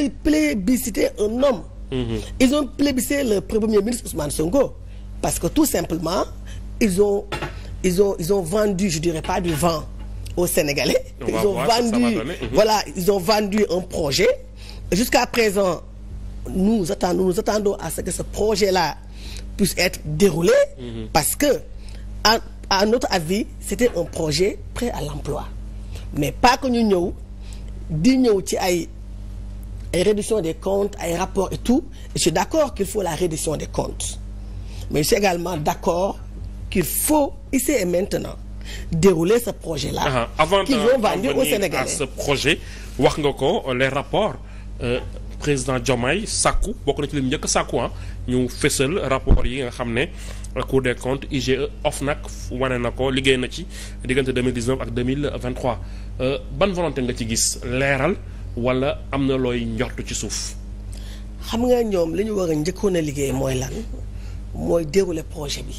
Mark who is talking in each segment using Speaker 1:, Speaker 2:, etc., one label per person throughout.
Speaker 1: ils plébiscitaient un homme. Mmh. Ils ont plébiscité le premier ministre Ousmane Sonko parce que tout simplement ils ont ils ont ils ont vendu je dirais pas du vent aux Sénégalais. ils ont vendu mhm. voilà ils ont vendu un projet. Jusqu'à présent nous attendons nous à ce que ce projet-là puisse être déroulé mhm. parce que à, à notre avis c'était un projet prêt à l'emploi mais pas que ñu ñëw di ñëw ci ay. ay réduction des comptes ay rapports et tout je suis d'accord qu'il faut la réduction des comptes mais je suis également d'accord qu'il faut ici et maintenant dérouler ce projet-là. Uh ah, -huh. Ah. avant qu'ils vont vendre
Speaker 2: projet wax nga ko les rapports euh, président Diomaye sàkku bokk na ci li mu njëkk sàkku ah, ñu fësal rapport yi nga xam ne Cour des comptes IGE OFNAC wane na ko liggéey na ci diggante 2019 ak 2023 euh, ban volonté nga ci gis leeral. wala am na looy njortu ci suuf.
Speaker 1: xam nga ñoom li ñu war a njëkkoon a liggéey mooy lan mooy dérouler projet bi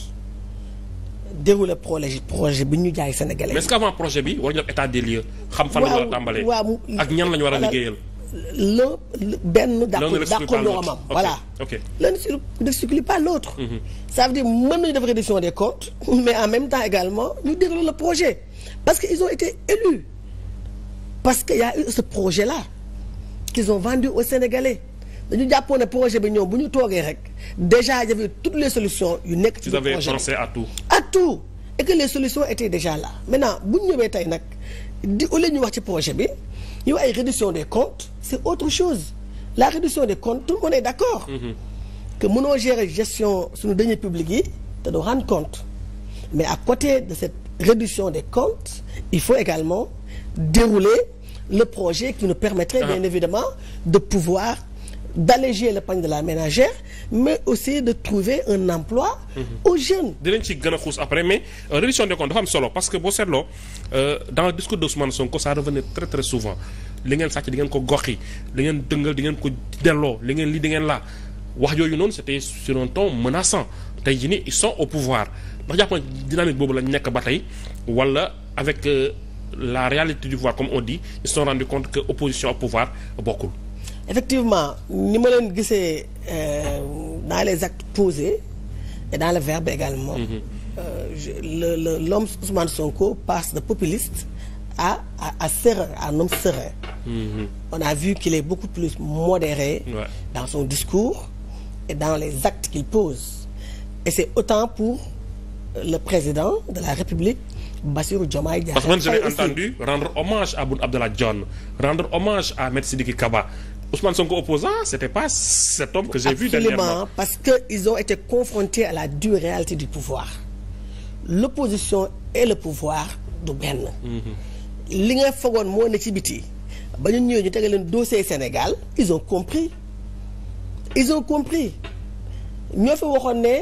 Speaker 1: dérouler projet projet bi ñu jaay sénégalais. mais est-ce
Speaker 2: projet bi war ñu def état des lieux. xam fan lañu war a tàmbalee ak ñan a liggéeyal.
Speaker 1: l'un benn dàqu dàqu moroomam voilà l'un n'exclut pas l'autre mm-hmm. def reddition des comptes mais en même temps également ñu déroulé le projet parce que ils ont été élus parce que y a ce projet la qu'ils ont vendu au Sénégalais dañu jàppoon ne projet bi ñoom bu ñu toogee rek déjà il y toutes les solutions yu nekk ci projet vous avez à tout à tout et que les solutions étaient déjà là maintenant bu ñu ñëwee tey nag di au lieu ñu wax ci projet bi ñu ay réduction des comptes c'est autre chose la réduction des comptes tout le monde est d'accord mm-hmm. que mënoo gérer gestion suñu deniers publics yi te doo rendre compte mais à côté de cette réduction des comptes il faut également dérouler le projet qui nous permettrait bien ah. évidemment de pouvoir d'alléger le pain de la ménagère mais aussi de trouver un emploi
Speaker 2: mhm. aux jeunes. dinañ ci gën a xuus après mais euh, révision des comptes dafa am solo parce que boo seetloo euh, dans le discours d'Ousmane Sonko ça revenait très très souvent li ngeen sàcc di ngeen ko goxi di ngeen dëngal di ngeen ko delloo li ngeen lii di ngeen laa wax yooyu noonu c'était sur un ton menaçant tey jii nii ils sont au pouvoir ndax jàpp na boobu lañ nekk ba tey wala euh, la réalité du pouvoir comme on dit ils se sont rendus compte que opposition au pouvoir bokkul.
Speaker 1: effectivement ni ma leen gisee euh, dans les actes posés et dans le verbe également. Mm le le l'homme Ousmane Sonko passe de populiste à à à serein à mhm. on a vu qu'il est beaucoup plus modéré. Ouais. dans son discours et dans les actes qu'il pose et c'est autant pour le président de la République Bassirou Diomaye Diakhar parce que man j'avais entendu
Speaker 2: rendre hommage à Boun Abdallah Dionne rendre hommage à Maître Sidiki Kaba Ousmane Sonko opposant c'était pas cet homme parce
Speaker 1: que ils ont été confrontés à la dure réalité du pouvoir l'opposition et le pouvoir du benn mhm. li nga fogoon moo ne ci biti ba ñu ñëwee ñu tegal leen dossier Sénégal ils ont compris ils ont compris ñoo fi waxoon ne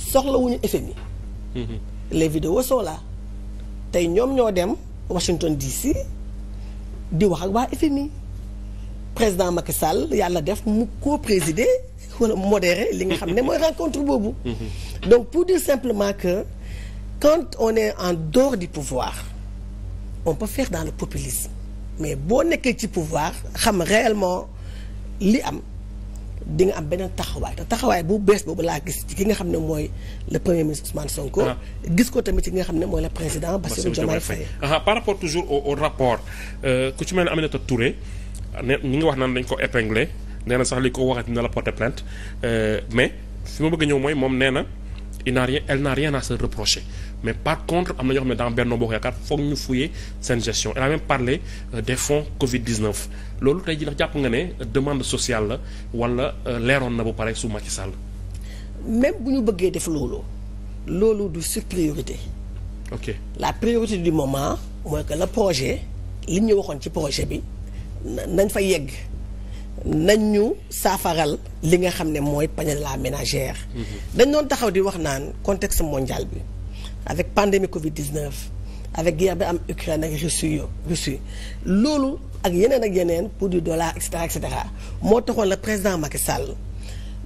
Speaker 1: soxlawuñu FMI mhm. les vidéos sont là tey ñoom ñoo dem Washington DC di wax ak waa FMI président Macky Sall yàlla def mu co-présider wala modérer li nga xam ne mooy rencontre boobu. donc pour dire simplement que quand on est en dehors du pouvoir on peut faire dans le populisme mais boo nekkee ci pouvoir xam réellement li am. di nga am beneen taxawaay te taxawaay bu bees boobu laa gis ci ki nga xam ne mooy le premier ministre Ousmane Sonko. Ah. gis ko tamit ci nga xam ne mooy la président Bassirou Diomaye Faye.
Speaker 2: Ah, par rapport toujours au au rapport euh, ku ci mel ne Aminata Touré ne ñu ngi wax naa dañ ko épinglé nee na sax li ko waxee na la porter plainte euh, mais fi ma bëgg a ñëw mooy moom nee na il n'a rien elle reprocher. mais par contre am na ñoo xam ne dans Benno Bokk Yaakaar foog ñu fouiller seen gestion elle a même parlé euh, des fonds Covid 19. loolu tey jii ndax jàpp nga ne euh, demande sociale la wala euh, leeroon na bu pare su ci sàll
Speaker 1: même bu ñu bëggee def loolu. loolu du sur priorité. ok la priorité du moment mooy que le projet li ñu waxoon ci projet bi nañ fa yegg. nañ ñu saafaral li nga xam ne mooy panier la ménagère. Mhm. dañ doon taxaw di wax naan contexte mondial bi. avec pandémie Covid 19 avec guerre bi am Ukraine ak Russie loolu ak yeneen ak yeneen pour du dollar et cetera moo taxoon la président Macky Sall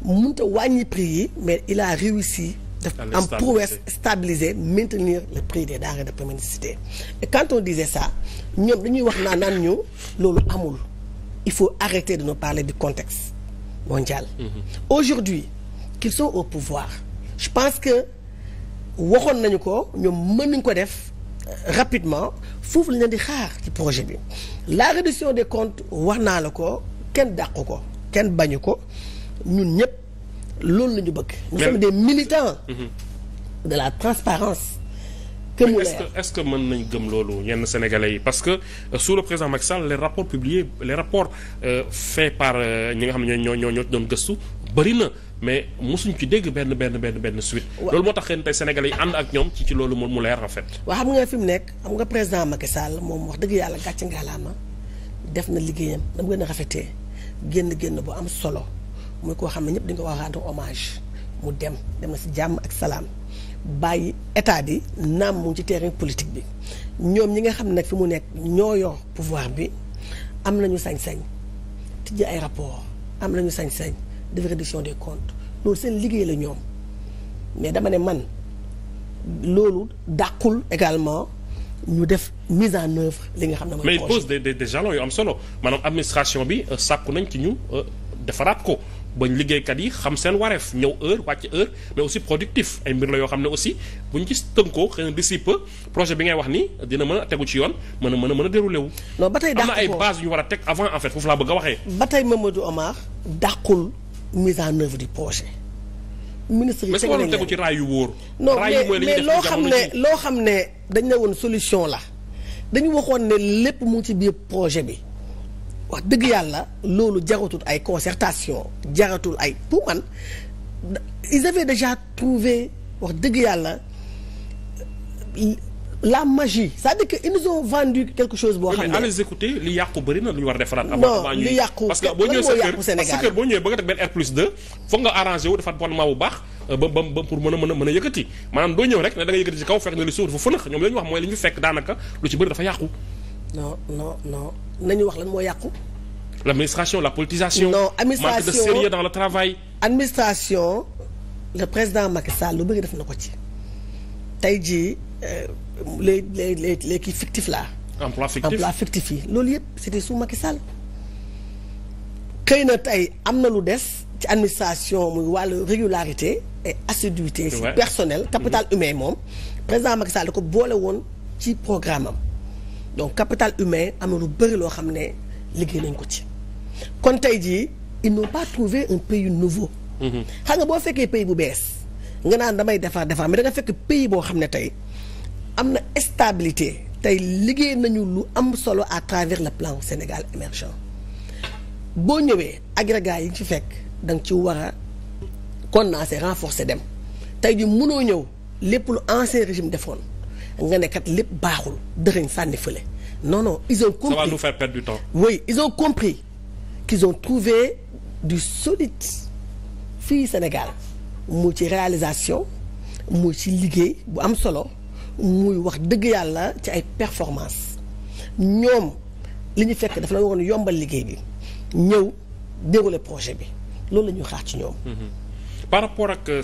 Speaker 1: mënut a wàññi prix yi mais il a réussi. daf am prouesse stabiliser maintenir le prix des denrées de première nécessité et quand on disait ça ñoom dañuy wax naa naan ñu loolu amul il faut arrêter de nous parler du contexte mondial. Mm -hmm. aujourd'hui qu'ils sont au pouvoir waxoon nañu ko ñoom mën nañ ko def euh, rapidement foofu lañ leen di xaar ci projet bi la réduction des comptes wax naa la ko kenn dàqu ko kenn bañu ko ñun ñëpp loolu la ñu bëgg. mais sommes des militants.
Speaker 2: Mm-hmm.
Speaker 1: de la transparence
Speaker 2: que mu leer est-ce que mën nañ gëm loolu yenn sénégalais yi parce que euh, sous le président Macky Sall les rapports publiés les rapports euh, faits par ñi nga xam ne ñoo ñoo ñoo doon gëstu bëri na. mais mosuñ ci dégg benn benn benn benn suite. loolu moo tax xëy na yi ànd ak ñoom ci ci loolu mu leer en fait.
Speaker 1: waaw xam nga fi mu nekk xam nga président Macky Sall moom wax dëgg yàlla gàcce ngalaama def na liggéeyam dama gën rafetee génn génn bu am solo muy koo xam ne ñëpp di nga ko wax rendre hommage mu dem dem na si jàmm ak salaam bàyyi état bi naam mu ngi ci terrain politique bi ñoom ñi nga xam ne nag fi mu nekk ñoo yor pouvoir bi am nañu sañ-sañ tijji ay rapport am nañu sañ-sañ. de reddition des comptes loolu seen liggéey la ñoom mais dama ne man loolu dàqul également ñu def mise en œuvre li nga xam ne mooy. mais de de
Speaker 2: des des des jalons yu am solo maanaam administration bi euh, sàkku nañ ci ñu euh, defaraat ko. bañ liggéeykat yi xam seen wareef ñëw heure wàcc heure mais aussi productif ay mbir la yoo xam ne aussi buñ ci tënkoo xëy na d'ici projet bi ngay wax ni dina mën a tegu ci yoon mën a mën a mën a déroulé wu. non ba tey dàqu ko am na ay base yu war a teg avant en fait foofu laa bëgg a waxee. ba tey Mamadou
Speaker 1: Omar mise en œuvre du projet. ministre yi teg nañ leen
Speaker 2: ci raay yu wóor. non mais mais loo xam ne
Speaker 1: loo xam ne dañ ne woon solution la dañu waxoon ne lépp mu ci biir projet bi wax dëgg yàlla loolu jaratul ay concertation jaratul ay pour man ils avaient déjà trouvé wax dëgg yàlla. la magie c'est-à-dire que ils nous ont vendu quelque chose boo xam ne mais à les
Speaker 2: écouter li yàqu bëri na lu ñu war a defaraat. non li yàqu parce que boo ñëwee sa boo ñëwee ba teg benn R plus 2 foog nga arrangé wu defaat bonnement bu baax euh, ba ba pour mën a mën a yëkkati maanaam doo ñëw rek ne da yëkkati ci kaw fekk na li suuf dafa fënax ñoom la ñu wax mooy li fekk daanaka lu ci bëri dafa yàqu.
Speaker 1: non non non nañu wax
Speaker 2: administration la politisation. non administration
Speaker 1: de ko ci les les les les kii fictif là.
Speaker 2: emploi fictif emploi
Speaker 1: fictif yi loolu yëpp c'était sous Macky Sall. xëy na tey am na lu des ci administration muy wàllu régularité et assiduité. ci personnel capital mhm. humain moom. président Macky Sall da ko boole woon ci programme am donc capital humain am na lu bëri loo xam ne liggéey nañ ko ci. kon tey jii ils n'ont pas trouvé un pays nouveau. Mhm. xam nga boo fekkee pays bu bees nga naan damay defar defar mais da fekk pays boo xam ne tey. am na stabilité tey liggéey nañu lu am solo à travers le plan Sénégal émergent boo ñëwee agrégats yi ci fekk da ci war a condenser renforcer dem tey ji mënoo ñëw lépp lu ancien régime defoon nga nekkat lépp baaxul dërëñ sànni fële non non ils ont compris du temps. oui ils ont compris qu'ils ont trouvé du solide fii Sénégal mu ci réalisation mu ci liggéey bu am solo muy wax dëgg yàlla ci ay performance ñoom li ñu fekk dafa la woon yombal liggéey bi ñëw dérouler projet bi loolu la ñuy xaar ci ñoom.
Speaker 2: Mm-hmm. par rapport ak. Euh,